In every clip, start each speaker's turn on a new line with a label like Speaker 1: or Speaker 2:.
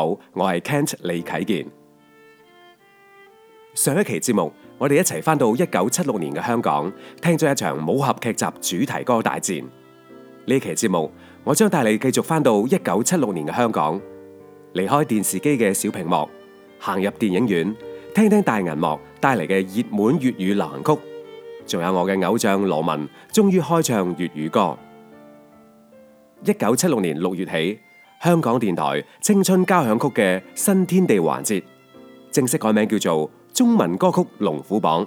Speaker 1: 好，我係 Kent 李啟健。上一期節目，我哋一齊翻到一九七六年嘅香港，聽咗一場武俠劇集主題歌大戰。呢期節目，我將帶你繼續翻到一九七六年嘅香港，離開電視機嘅小屏幕，行入電影院，聽聽大銀幕帶嚟嘅熱門粵語流行曲，仲有我嘅偶像羅文終於開唱粵語歌。一九七六年六月起。香港電台青春交響曲嘅新天地環節正式改名叫做中文歌曲龍虎榜，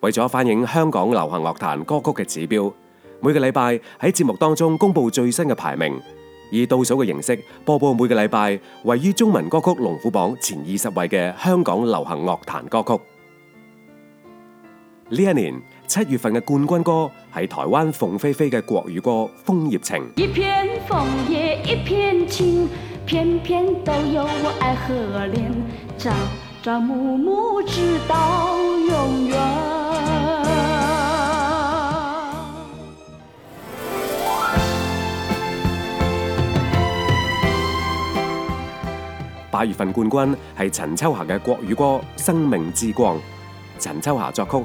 Speaker 1: 為咗反映香港流行樂壇歌曲嘅指標，每個禮拜喺節目當中公布最新嘅排名，以倒數嘅形式播報每個禮拜位於中文歌曲龍虎榜前二十位嘅香港流行樂壇歌曲。呢一年七月份嘅冠軍歌係台灣鳳飛飛嘅國語歌《楓葉情》。
Speaker 2: 一片楓葉一片情，片片都有我愛和戀，朝朝暮暮直到永遠。片片母母永，
Speaker 1: 八月份冠軍係陳秋霞嘅國語歌《生命之光》，陳秋霞作曲，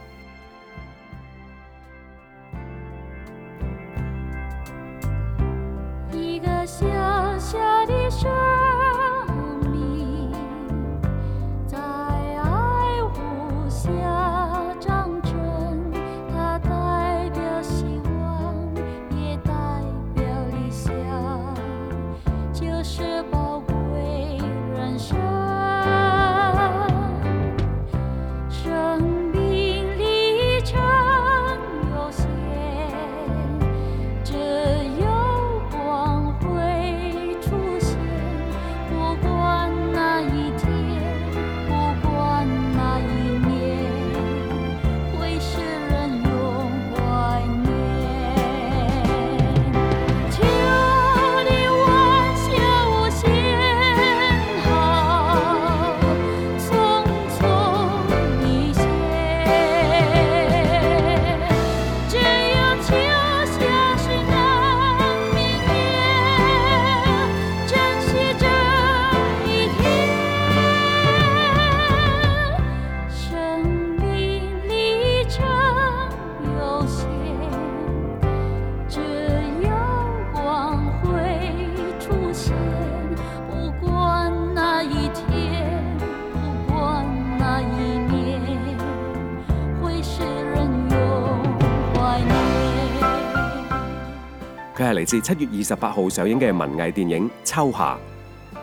Speaker 1: 嚟自七月二十八號上映嘅文藝電影《秋霞》，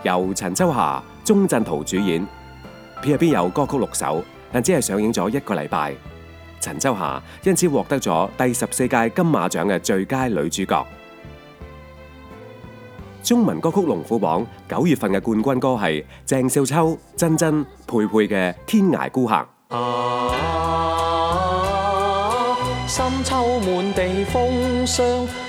Speaker 1: 由陳秋霞、鍾鎮濤主演。片入邊有歌曲六首，但只係上映咗一個禮拜。陳秋霞因此獲得咗第十四屆金馬獎嘅最佳女主角。中文歌曲龍虎榜九月份嘅冠軍歌係鄭少秋、珍珍、佩佩嘅《天涯孤客》。
Speaker 2: 啊，深秋滿地風霜。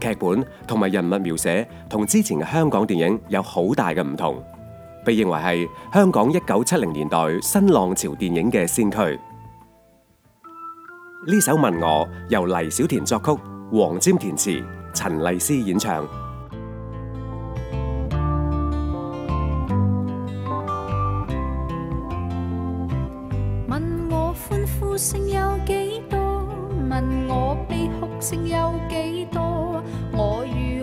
Speaker 1: 劇本同埋人物描寫同之前嘅香港電影有好大嘅唔同，被認為係香港一九七零年代新浪潮電影嘅先驅。呢首《問我》由黎小田作曲，黃沾填詞，陳麗斯演唱。
Speaker 2: 問我歡呼聲有幾多？問我悲哭聲有幾多？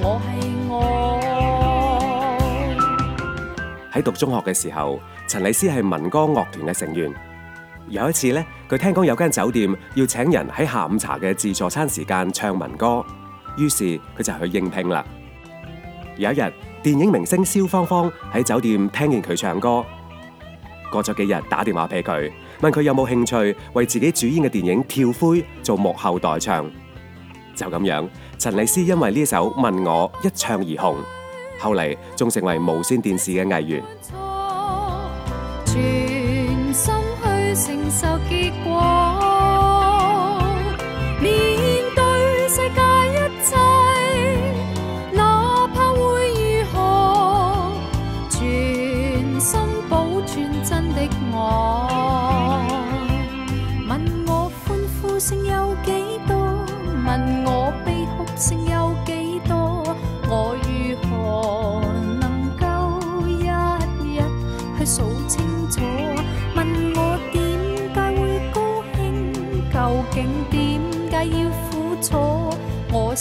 Speaker 2: 我係我。
Speaker 1: 喺讀中學嘅時候，陳麗思係民歌樂團嘅成員。有一次呢，佢聽講有間酒店要請人，喺下午茶嘅自助餐時間唱民歌。於是佢就去應聘啦。有一日，電影明星蕭芳芳喺酒店聽見佢唱歌。過咗幾日，打電話俾佢問佢有冇興趣為自己主演嘅電影《跳灰》做幕後代唱。就咁樣，陳麗斯因為呢首《問我》，一唱而紅，後嚟仲成為無線電視嘅藝員。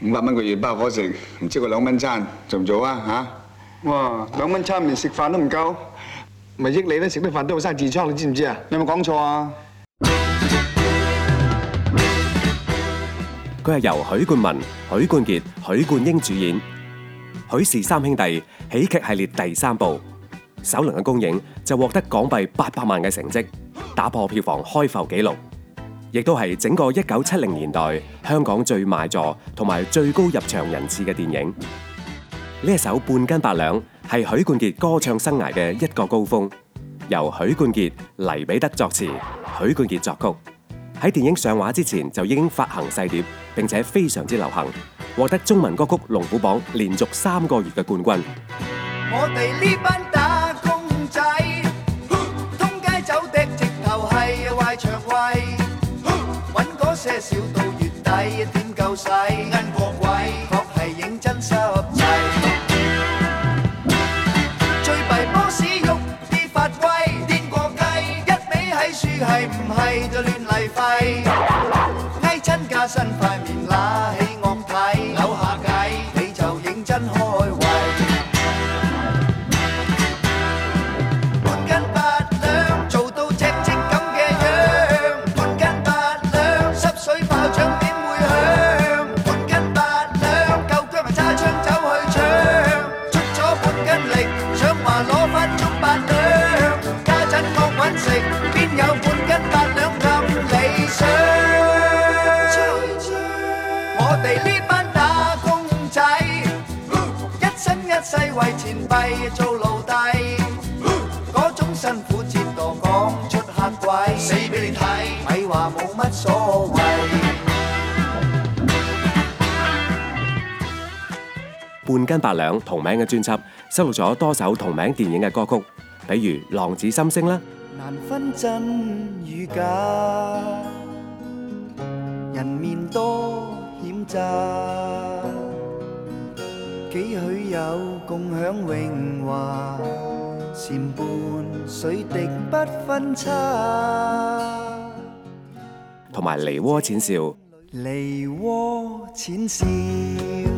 Speaker 1: 五百蚊個月
Speaker 3: 包伙食，唔知個兩蚊餐做唔做啊？嚇！哇！兩蚊餐連食飯都唔夠，咪益你咧！食啲飯都好生痔瘡，你知唔知啊？你有冇講錯啊？
Speaker 1: 佢係由許冠文、許冠傑、許冠英主演，《許氏三兄弟》喜劇系列第三部，首輪嘅公映就獲得港幣八百萬嘅成績，打破票房開埠紀錄。亦都係整個一九七零年代香港最賣座同埋最高入場人次嘅電影。呢一首半斤八兩係許冠傑歌唱生涯嘅一個高峰，由許冠傑黎彼得作詞，許冠傑作曲。喺電影上畫之前就已經發行細碟，並且非常之流行，獲得中文歌曲龍虎榜連續三個月嘅冠軍。
Speaker 3: 我哋呢班打工仔。些少到月底，點夠使？恩國位確係認真執制。 最弊波士郁啲發威，癲過雞，一味喺書係唔係就亂嚟費？親加薪塊面冷！
Speaker 1: 半斤八兩同名嘅專輯，收錄咗多首同名電影嘅歌曲，比如《浪子心聲》啦。
Speaker 3: 難分真與假，人面多險詐，幾許有共享榮華，蟬伴水滴不分差。
Speaker 1: 同埋《梨渦淺笑》，
Speaker 3: 梨渦淺笑。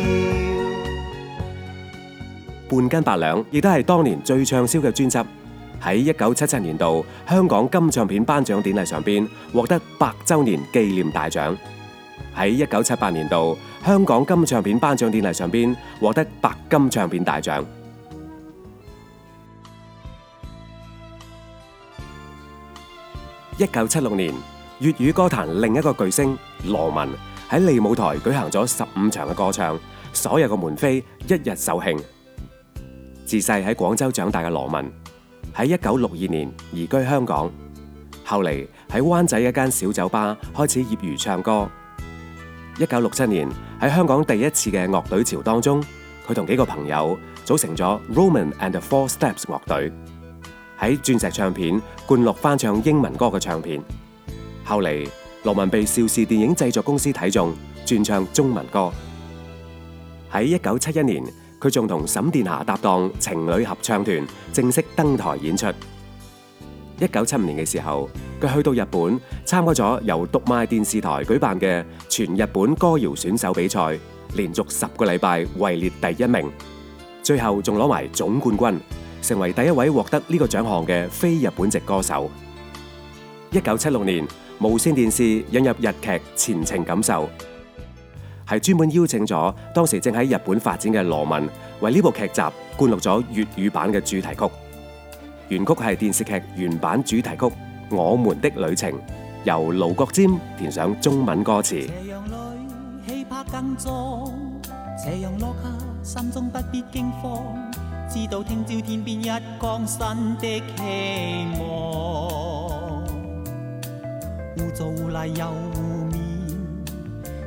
Speaker 1: 半斤八兩，亦都係當年最暢銷嘅專輯。喺一九七七年度香港金唱片頒獎典禮上邊獲得百週年紀念大獎。喺一九七八年度香港金唱片頒獎典禮上邊獲得白金唱片大獎。一九七六年，粵語歌壇另一個巨星羅文喺利舞台舉行咗十五場嘅歌唱，所有嘅門飛一日售罄。自細喺廣州長大嘅羅文，喺一九六二年移居香港，後嚟喺灣仔一間小酒吧開始業餘唱歌。一九六七年喺香港第一次嘅樂隊潮當中，佢同幾個朋友組成咗 Roman and Four Steps 樂隊，喺鑽石唱片灌錄翻唱英文歌嘅唱片。後嚟羅文被邵氏電影製作公司睇中，轉唱中文歌。喺一九七一年。佢仲同沈殿霞搭檔情侶合唱團，正式登台演出。一九七五年嘅時候，佢去到日本，參加咗由讀賣電視台舉辦嘅全日本歌謠選手比賽，連續十個禮拜位列第一名，最後仲攞埋總冠軍，成為第一位獲得呢個獎項嘅非日本籍歌手。一九七六年，無綫電視引入日劇《前程感受》。係專門邀請咗當時正喺日本發展嘅羅文，為呢部劇集灌錄咗粵語版嘅主題曲。原曲係電視劇原版主題曲《我們的旅程》，由盧國沾填上中文歌詞。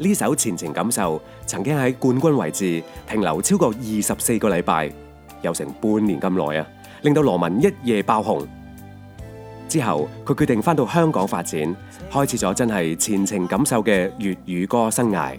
Speaker 4: 呢
Speaker 1: 首《前程感受》曾經喺冠軍位置停留超過二十四個禮拜，有成半年咁耐啊！令到羅文一夜爆紅。之後，佢決定返到香港發展，開始咗真係《前程感受》嘅粵語歌生涯。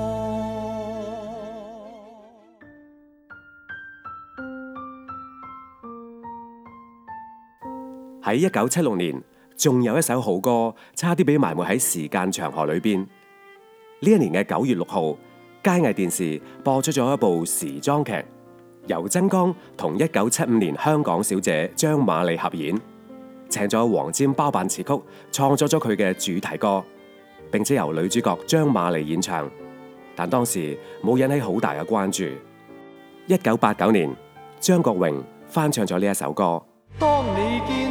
Speaker 1: 喺一九七六年，仲有一首好歌，差啲俾埋沒喺時間長河裏邊。呢一年嘅九月六號，佳藝電視播出咗一部時裝劇，由曾光同一九七五年香港小姐張瑪莉合演，請咗黃沾包辦詞曲，創作咗佢嘅主題歌，並且由女主角張瑪莉演唱，但當時冇引起好大嘅關注。一九八九年，張國榮翻唱咗呢一首歌。
Speaker 4: 當你見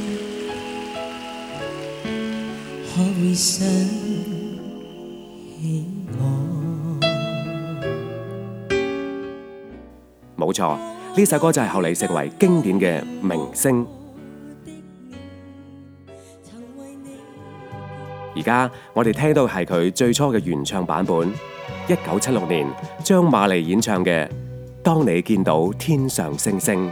Speaker 2: 可會想
Speaker 1: 起我？冇錯，呢首歌就係後嚟成為經典嘅明星。而家我哋聽到係佢最初嘅原唱版本，一九七六年張瑪麗演唱嘅《當你見到天上星星》。